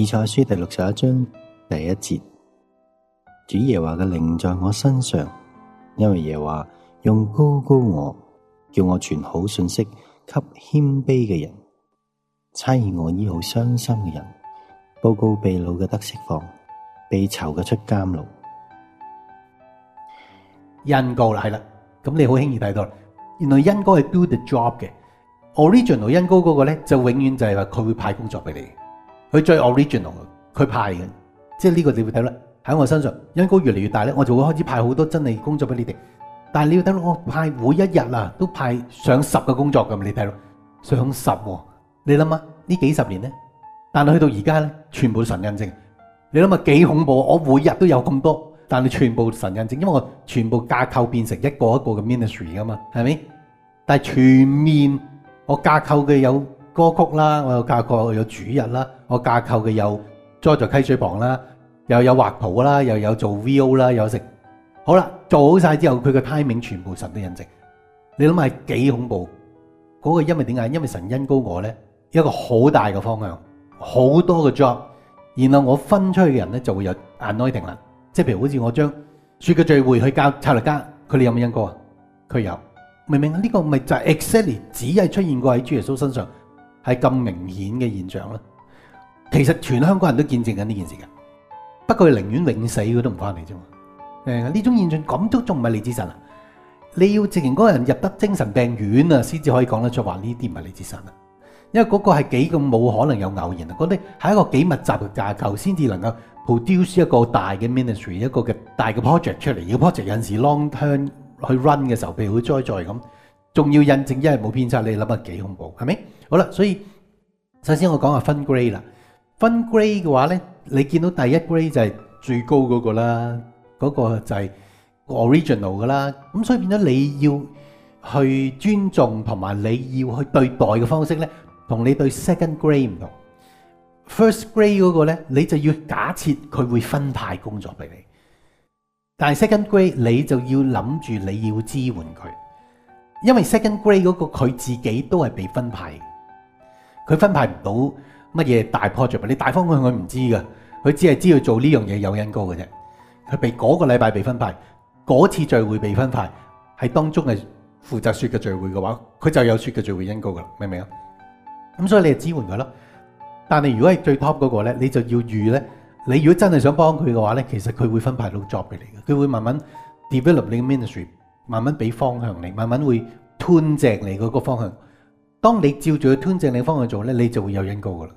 以賽亞書第六十一章第一節，主耶和華嘅靈在我身上，因為耶和華用膏膏我，叫我傳好信息給謙卑嘅人，差我醫好傷心嘅人，報告被擄嘅得釋放，被囚嘅出監牢。恩膏啦，係啦，咁你好輕易睇到啦，原來恩膏係 do the job 嘅，original 恩膏嗰個咧就永遠就係話佢會派工作俾你。佢最 original 佢派嘅，即係呢個你會睇啦。喺我身上，因果越嚟越大咧，我就會開始派好多真理工作俾你哋。但係你要睇我派每一日啊，都派上十個工作咁，你睇咯，上十喎、哦。你諗下，呢幾十年咧，但係去到而家咧，全部神印證。你諗下幾恐怖？我每日都有咁多，但係全部神印證，因為我全部架構變成一個一個嘅 ministry 噶嘛，係咪？但係全面我架構嘅有。歌曲啦，我有架構有主日啦，我架構嘅有栽咗溪水旁啦，又有畫譜啦，又有做 V.O. 啦，又有食好啦，做好晒之後，佢嘅 timing 全部神都印證。你諗下幾恐怖？嗰個因為點解？因為神恩膏我咧，一個好大嘅方向，好多嘅 job，然後我分出去嘅人咧就會有 anointing 啦。即係譬如好似我將雪嘅聚會去教策略家，佢哋有冇恩膏啊？佢有，明唔明啊？呢個咪就係 exactly 只係出現過喺主耶穌身上。係咁明顯嘅現象啦，其實全香港人都見證緊呢件事㗎，不過佢寧願永死佢都唔翻嚟啫。誒，呢種現象咁都仲唔係李子神啊？你要直情嗰個人入得精神病院啊，先至可以講得出話呢啲唔係李子神啊。因為嗰個係幾咁冇可能有偶然啊，嗰啲係一個幾密集嘅架構，先至能夠 produce 一個大嘅 ministry，一個嘅大嘅 project 出嚟嘅、這個、project，有陣時 long term 去 run 嘅時候，譬如會災災咁，仲要印證一係冇偏差，你諗下幾恐怖，係咪？好啦，所以首先我講下分 grade 啦。分 grade 嘅話咧，你見到第一 grade 就係最高嗰個啦，嗰個就係 original 噶啦。咁所以變咗你要去尊重同埋你要去對待嘅方式咧，同你對 second grade 唔同。First grade 嗰個咧，你就要假設佢會分派工作俾你，但係 second grade 你就要諗住你要支援佢，因為 second grade 嗰個佢自己都係被分派。佢分派唔到乜嘢大 project，你大方向佢唔知噶，佢只係知道，知道做呢樣嘢有因哥嘅啫。佢被嗰個禮拜被分派，嗰次聚會被分派，係當中係負責說嘅聚會嘅話，佢就有說嘅聚會因哥噶啦，明唔明啊？咁所以你就支援佢咯。但係如果係最 top 嗰、那個咧，你就要預咧。你如果真係想幫佢嘅話咧，其實佢會分派到 job 俾你嘅，佢會慢慢 develop 你嘅 ministry，慢慢俾方向你，慢慢會吞 u 你嗰個方向。當你照住端正你方向做咧，你就會有恩膏噶啦。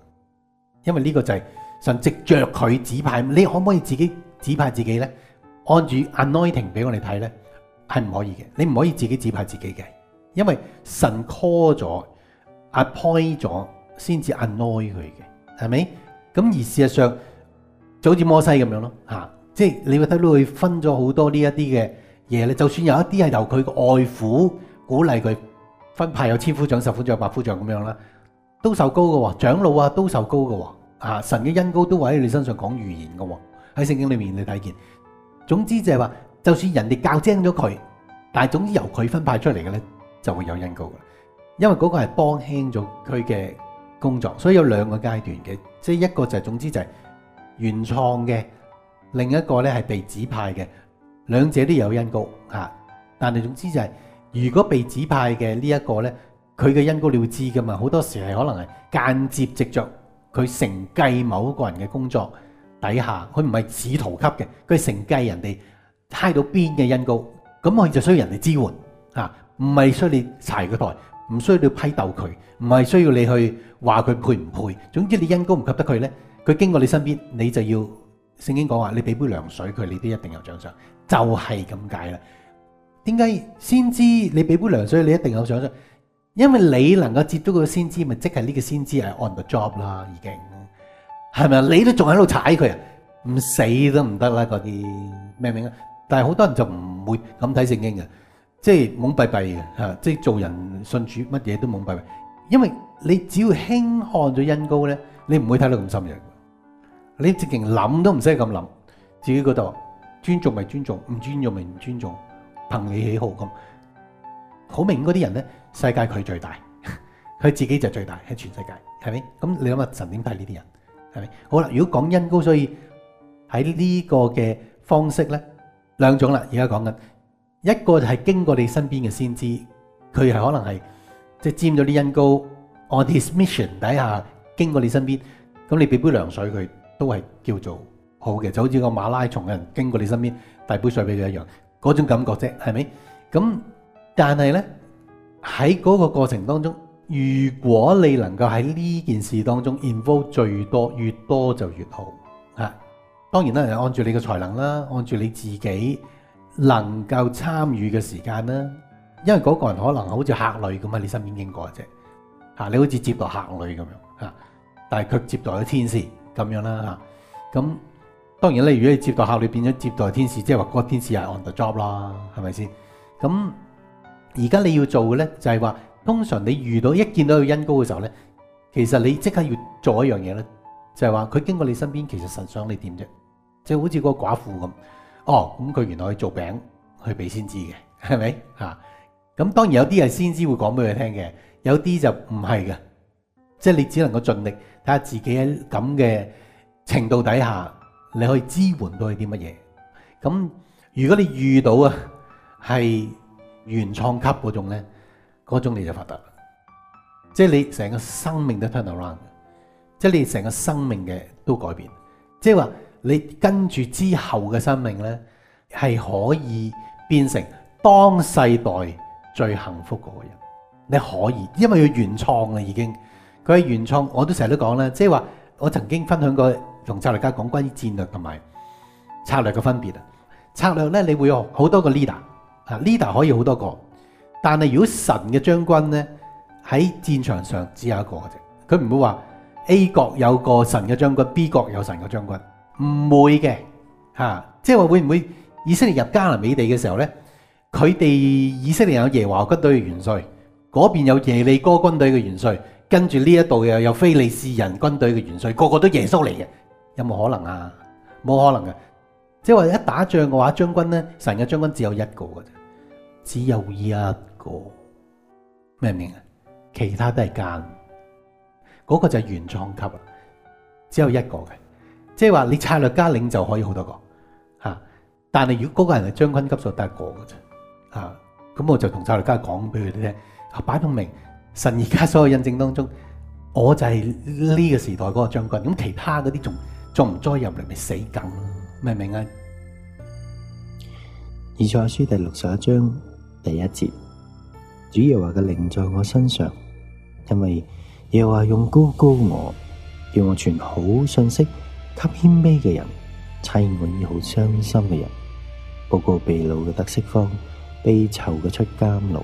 因為呢個就係神直着佢指派，你可唔可以自己指派自己咧？按住 anointing 俾我哋睇咧，係唔可以嘅。你唔可以自己指派自己嘅，因為神 call 咗、appoint 咗先至 anoint 佢嘅，係咪？咁而事實上就、啊，就好似摩西咁樣咯，吓，即係你會睇到佢分咗好多呢一啲嘅嘢咧。就算有一啲係由佢嘅愛父鼓勵佢。分派有千夫長、十夫長、百夫長咁樣啦，都受膏嘅喎，長老啊都受膏嘅喎，啊神嘅恩膏都會喺你身上講預言嘅喎，喺聖經裏面你睇見，總之就係話，就算人哋教精咗佢，但係總之由佢分派出嚟嘅呢，就會有恩膏嘅，因為嗰個係幫輕咗佢嘅工作，所以有兩個階段嘅，即係一個就係總之就係原創嘅，另一個呢係被指派嘅，兩者都有恩膏。吓，但係總之就係、是。如果被指派嘅呢一個呢，佢嘅因高了知噶嘛？好多時係可能係間接直着佢承繼某個人嘅工作底下，佢唔係指圖級嘅，佢承繼人哋 h i 到邊嘅因高，咁我哋就需要人哋支援嚇，唔係需要你柴佢台，唔需要你批鬥佢，唔係需要你去話佢配唔配。總之你因高唔及得佢呢，佢經過你身邊，你就要聖經講話，你俾杯涼水佢，你都一定有獎賞，就係咁解啦。點解先知你俾杯涼水，你一定有想象，因為你能夠接觸到個先知，咪即係呢個先知係 on the job 啦，已經係咪啊？你都仲喺度踩佢啊，唔死都唔得啦。嗰啲咩名啊？但係好多人就唔會咁睇聖經嘅，即係懵閉閉嘅嚇，即係做人信主，乜嘢都懵閉閉。因為你只要輕看咗恩膏咧，你唔會睇到咁深入的。你直情諗都唔使咁諗，自己覺得尊重咪尊重，唔尊重咪唔尊重。憑你喜好咁，好明顯嗰啲人咧，世界佢最大，佢自己就最大，係全世界，係咪？咁你諗下，神點睇呢啲人？係咪？好啦，如果講恩膏，所以喺呢個嘅方式咧，兩種啦，而家講緊一個就係經過你身邊嘅先知，佢係可能係即係沾咗啲恩膏，on his mission 底下經過你身邊，咁你俾杯涼水佢，都係叫做好嘅，就好似個馬拉松嘅人經過你身邊，遞杯水俾佢一樣。嗰種感覺啫，係咪？咁但係呢，喺嗰個過程當中，如果你能夠喺呢件事當中 involve 最多，越多就越好。嚇、啊，當然啦，按住你嘅才能啦，按住你自己能夠參與嘅時間啦。因為嗰個人可能好似客旅咁啊，你身邊經過啫。嚇，你好似接待客旅咁樣嚇，但係卻接待咗天使咁樣啦嚇，咁、啊。啊啊。當然咧，如果你接待客，你變咗接待天使，即係話嗰個天使係 on the job 啦，係咪先？咁而家你要做嘅咧，就係、是、話通常就係話通常你遇到一見到佢恩高嘅時候咧，其實你即刻要做一樣嘢咧，就係話佢經過你身邊，其實神想你點啫？即係好似嗰個寡婦咁，哦，咁佢原來去做餅去俾先知嘅，係咪？嚇咁當然有啲係先知會講俾佢聽嘅，有啲就唔係嘅，即係你只能夠盡力睇下自己喺咁嘅程度底下。你可以支援到去啲乜嘢？咁如果你遇到啊，係原創級嗰種咧，嗰種你就發達了，即係你成個生命都 turn around，即係你成個生命嘅都改變。即係話你跟住之後嘅生命咧，係可以變成當世代最幸福嗰個人。你可以，因為佢原創啦已經，佢係原創，我也都成日都講啦，即係話我曾經分享過。同策略家講關於戰略同埋策略嘅分別啊，策略咧你會有好多個 leader 啊，leader 可以好多個，但係如果神嘅將軍咧喺戰場上只有一個嘅啫。佢唔會話 A 國有個神嘅將軍，B 國有神嘅將軍，唔會嘅嚇、啊，即係話會唔會以色列入迦南美地嘅時候咧，佢哋以色列有耶和華軍隊嘅元帥，嗰邊有耶利哥軍隊嘅元帥，跟住呢一度又有非利士人軍隊嘅元帥，個個都是耶穌嚟嘅。有冇可能啊？冇可能嘅，即係話一打仗嘅話，將軍咧，成日將軍只有一個嘅啫，只有一個，咩名？啊？其他都係奸，嗰個就係原創級啦，只有一個嘅。即係話你策略家領就可以好多個吓，但係如果嗰個人係將軍級數得一個嘅啫啊，咁我就同策略家講俾佢哋聽，擺明神而家所有印證當中，我就係呢個時代嗰個將軍，咁其他嗰啲仲。種唔栽入嚟咪死梗，明唔明啊？以賽亞書第六十一章第一節，主耶和華嘅靈在我身上，因為耶和華用膏膏我，叫我傳好信息，給謙卑嘅人、差埋醫好傷心嘅人、報告被擄嘅得釋放、被囚嘅出監牢。